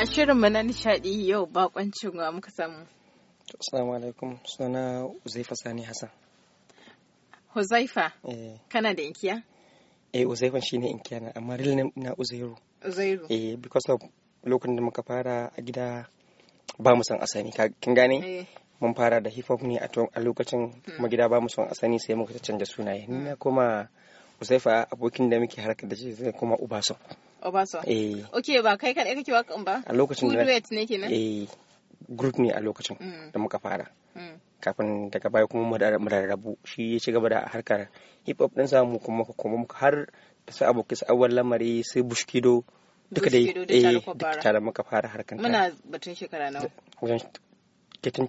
a shirinmu na nishadi yau bakoncin wa muka samu. Assalamu alaikum suna Uzaifa Sani Hassan. Uzaifa. Eh. Kana da inkiya? Eh Uzaifa shi ne inkiya na amma real name na Uzairu. Uzairu. Eh because of lokacin da muka fara a gida ba mu san asani kin gane? Eh. Mun fara da hip hop ne a lokacin hmm. kuma gida ba mu san asani sai muka canja sunaye. Ni na hmm. koma Usaifa abokin da muke harkar da shi zai kuma Obaso. Obaso. Eh. Okay ba kai kaɗai kake waƙan ba? A lokacin da. duet ne kenan? Eh. Group ne a lokacin mm. da muka fara. Mm. Kafin daga baya kuma mu rarrabu shi ya ci gaba da harkar hip hop din samu kuma kuma muka har da sai abokai su awwal lamari sai bushkido duka dai eh duka tare muka fara harkar. Muna batun shekara nawa. Wajen getting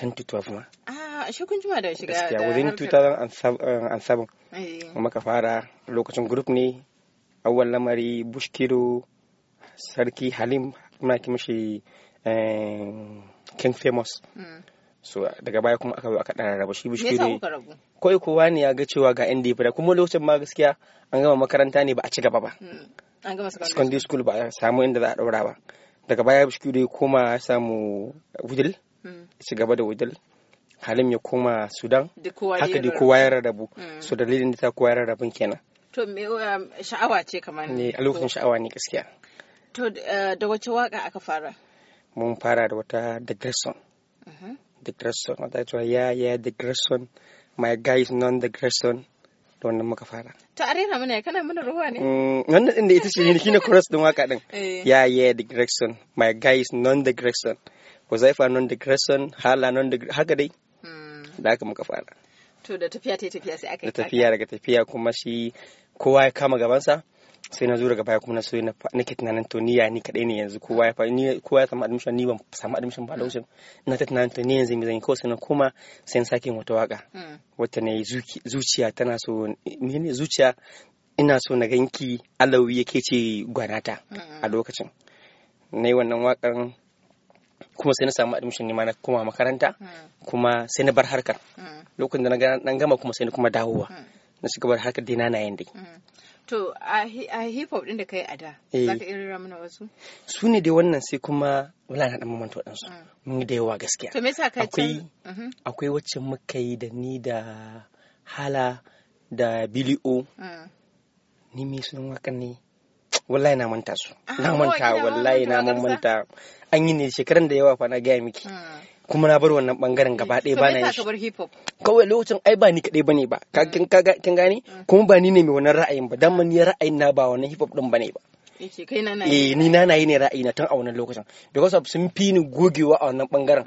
10 to 12 ma a shi kun jima da shiga gaskiya within 2007 eh, eh. muka fara lokacin group ne awwal lamari bushkiro sarki halim muna kima shi eh, king famous hmm. so daga baya kuma aka aka dan rabu shi bishi ne koi kowa ne ya ga cewa ga inda ya kuma lokacin ma gaskiya an gama makaranta ne ba a ci gaba ba hmm. an gama secondary school ba a samu inda za a daura ba daga baya bishi ya koma ya samu wudil ci mm. gaba da wudil halim ya koma sudan haka da kowa ya rarrabu mm. su dalilin da ta kowa ya rarrabun kenan to me um, sha'awa ce kamar ne a lokacin sha'awa ne gaskiya to uh, da wace waka aka fara mun fara da wata the gerson the mm-hmm. gerson wata cewa ya ya the gerson my guy is non the gerson da wannan muka fara to a rera mana kana mana ruwa ne mm, wannan din da ita ce ne na chorus din waka din ya ya the gerson my guy is non the gerson zaifa non da Grayson, Hala non da haka dai. Hmm. Da haka muka fara. To da tafiya ta tafiya sai aka yi Da tafiya daga tafiya kuma shi kowa ya kama gabansa. sai na zo daga baya kuma na so na nake tunanin to ni ya ni kadai ne yanzu kowa ya ni kowa ya samu admission ni ban samu admission ba lokacin hmm. ina ta tunanin to ni yanzu me zan yi kawai sai na koma sai na sake wata waka hmm. wata ne zuciya tana so ne zuciya ina so na ganki alawi yake ce gwanata a lokacin na yi wannan wakan kuma sai na samu admission ne ma na koma makaranta hmm. kuma sai na bar harkar hmm. lokacin da na gama kuma sai na kuma dawowa hmm. na shiga bar harkar dai na yin dai to a hip hop din da kai a da eh. za ka irin ramuna wasu su ne dai wannan sai kuma wala na dan mamanta wadansu mun da yawa gaskiya to me yasa kai akwai mhm. akwai wacce muka yi da ni da hala da bilio ni me sunan wakan ne wallahi na manta su ah, na oh, manta wallahi na manta an yi ne shekaran da yawa fa gaya miki hmm. kuma na bar wannan bangaren gaba ɗaya ba na yi kawai lokacin ai ba ni kaɗai ne ba hmm. kin gani hmm. kuma ba ni ne mai wannan ra'ayin ba dan man ra'ayin na ba wannan hip hop din ne ba eh ni na na yi ne ra'ayi na tun a wannan lokacin because of sun fi ni gogewa a wannan bangaren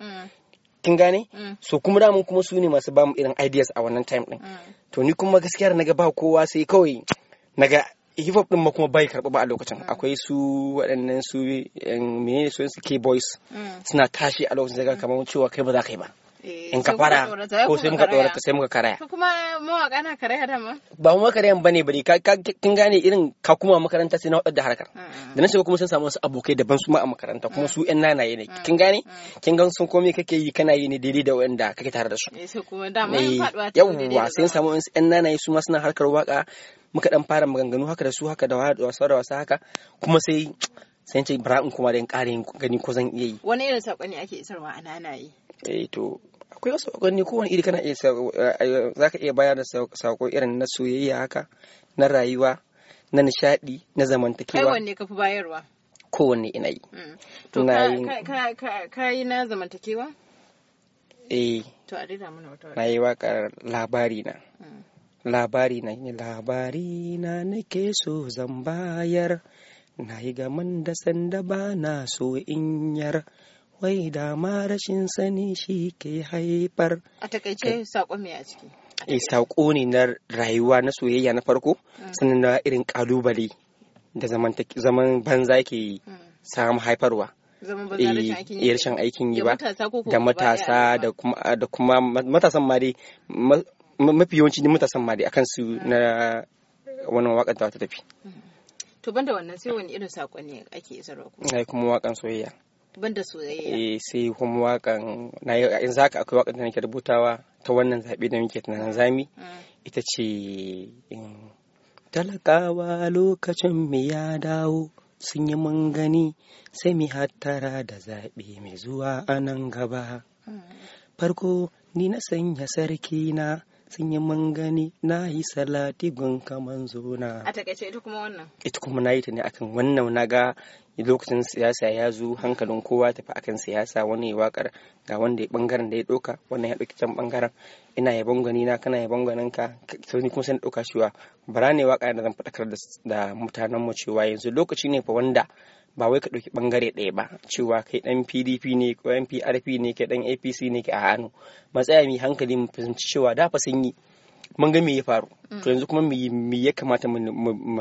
kin gane so kuma da mun kuma su ne masu ba mu irin ideas a wannan time din to ni kuma gaskiya na ga ba kowa sai kawai naga hip hop din ma kuma bai karɓa ba a lokacin akwai su waɗannan su eh, menene su k boys mm. suna tashi a lokacin zai kamar cewa kai ba za ka yi ba in ka fara ko sai muka dora sai muka karaya to kuma waka na karaya d'a ma. ba mu karayan bane bari ka kin gane irin ka kuma makaranta sai na wadar da harkar mm, mm, mm. da na shiga kuma sun samu wasu abokai daban su ma a makaranta kuma su yan nanaye ne kin gane kin gan sun komai kake yi kana yi ne daidai da wanda kake tare da su eh, sai kuma dama eh, faduwa yawwa sai samu yan nanaye su ma suna harkar waka muka dan fara maganganu haka da su haka da wasa da wasa haka kuma sai sai ce bara in kuma da in ƙara gani ko zan iya yi wani irin saƙoni ake isarwa a nanaye eh to akwai wasu sakonni kowane iri kana iya eh, eh, za ka iya bayar da saƙo irin na soyayya haka na rayuwa na nishadi na zamantakewa kai wanne ka fi bayarwa kowanne ina yi mm. to ka yi na zamantakewa eh to a rera mana wata na yi waka labari na mm. labari na ne labari na nake so zan bayar na yi man da sanda ba na so in yar wai da ma rashin sani shi ke haifar a takaice saƙo me a ciki e saƙo ne na rayuwa na soyayya na farko hmm. sannan na irin ƙalubale da zaman banza ke hmm. samun haifarwa iya eh, rashin aikin yi eh, ba da matasa da kuma matasan ma dai mafi yawanci matasan ma dai akan su hmm. na wannan waƙar ta tafi to ban da wannan sai wani irin saƙo ne ake isarwa kuma kuma wakan soyayya banda soyayya eh sai kuma wakan na in zaka akwai wakan da nake rubutawa ta wannan zaɓe da muke tunanin zami mm. ita ce talakawa lokacin mu ya dawo sun yi mun gani sai mu hattara da zaɓe mai zuwa a nan gaba mm. farko ni na sanya sarki na sun yi mangani na yi salati gun kaman zona a takaice ita kuma wannan ita kuma na yi ta ne akan wannan na ga lokacin siyasa ya zo hankalin kowa tafi akan siyasa wani ya wakar ga wanda ya bangaren da ya doka wannan ya doki can bangaren ina yabon gani na kana yabon ganin ka sai kuma sai doka wa. bara ne waka da zan fadakar da mutanen mu cewa yanzu lokaci ne fa wanda ba wai ka ɗauki ɓangare ɗaya ba cewa kai ɗan pdp ne ko ɗan prp ne kai ɗan apc ne ke a hannu matsaya mai hankali mu fahimci cewa da fa sun yi mun ga me ya faru mm. to yanzu kuma me ya kamata mu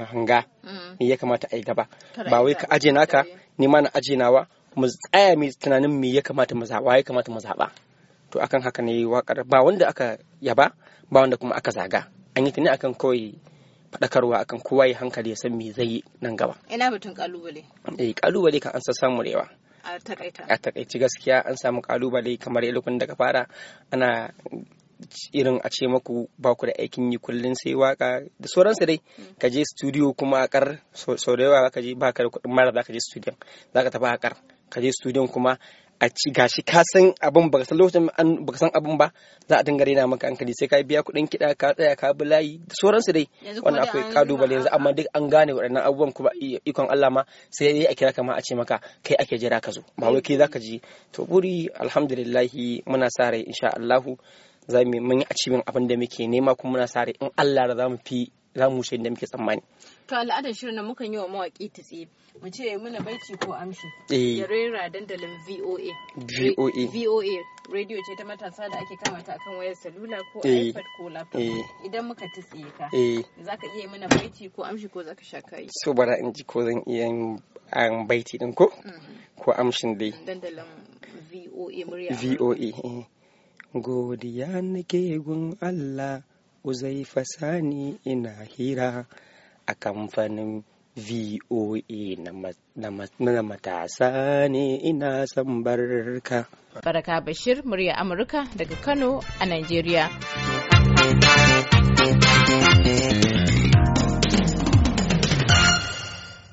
hanga mm. me ya kamata a yi gaba ba wai ka aje naka ni ma na aje nawa mu tsaya mai tunanin me ya kamata mu zaɓa ya kamata mu zaɓa to akan haka ne waƙar ba wanda aka yaba ba wanda kuma aka zaga an yi ta ne akan kawai faɗakarwa akan kowa ya hankali ya san me zai yi nan gaba ina batun kalubale eh kalubale kan an samu da yawa a taƙaita. takaici gaskiya an samu kalubale kamar kun daga fara ana irin a ce maku ba ku da aikin yi kullun sai waka da sauransu dai mm. ka je studio kuma a kar sau da yawa ka je ba ka da kuɗin mara za ka je studio za ka tafi a kar ka je studio kuma a ci gashi ka san abin ba san lokacin an ba san abin ba za a dinga rena maka hankali sai ka biya kuɗin kiɗa ka tsaya ka bi layi da sauransu dai wannan akwai kalubale yanzu amma duk an gane waɗannan abubuwan kuma ikon Allah ma sai dai a kira ka ma a ce maka kai ake jira ka zo ba wai kai zaka ji to buri alhamdulillah muna sa rai insha Allah za mu yi a abin da muke nema kuma muna sa rai in Allah za mu fi za mu wuce da muke tsammani To al'adar shirin na mukan yi wa mawaƙi tsaye. Mu ce muna baici ko amshi. Eh. Ya rera dandalin VOA. VOA. VOA radio ce ta matasa da ake kamata akan wayar salula ko eh. iPad ko laptop. Eh. Idan muka tsaye ka. Za ka iya muna baici ko amshi ko za ka sha kayi. So bara in ji ko zan iya yin um, baiti din ko? Mm. Ko amshin dai. Dandalin VOA murya. VOA. Godiya nake gun Allah. uzai sani ina hira. a kamfanin VOA na matasa ne ina son barka. Baraka Bashir murya Amurka daga Kano a Najeriya.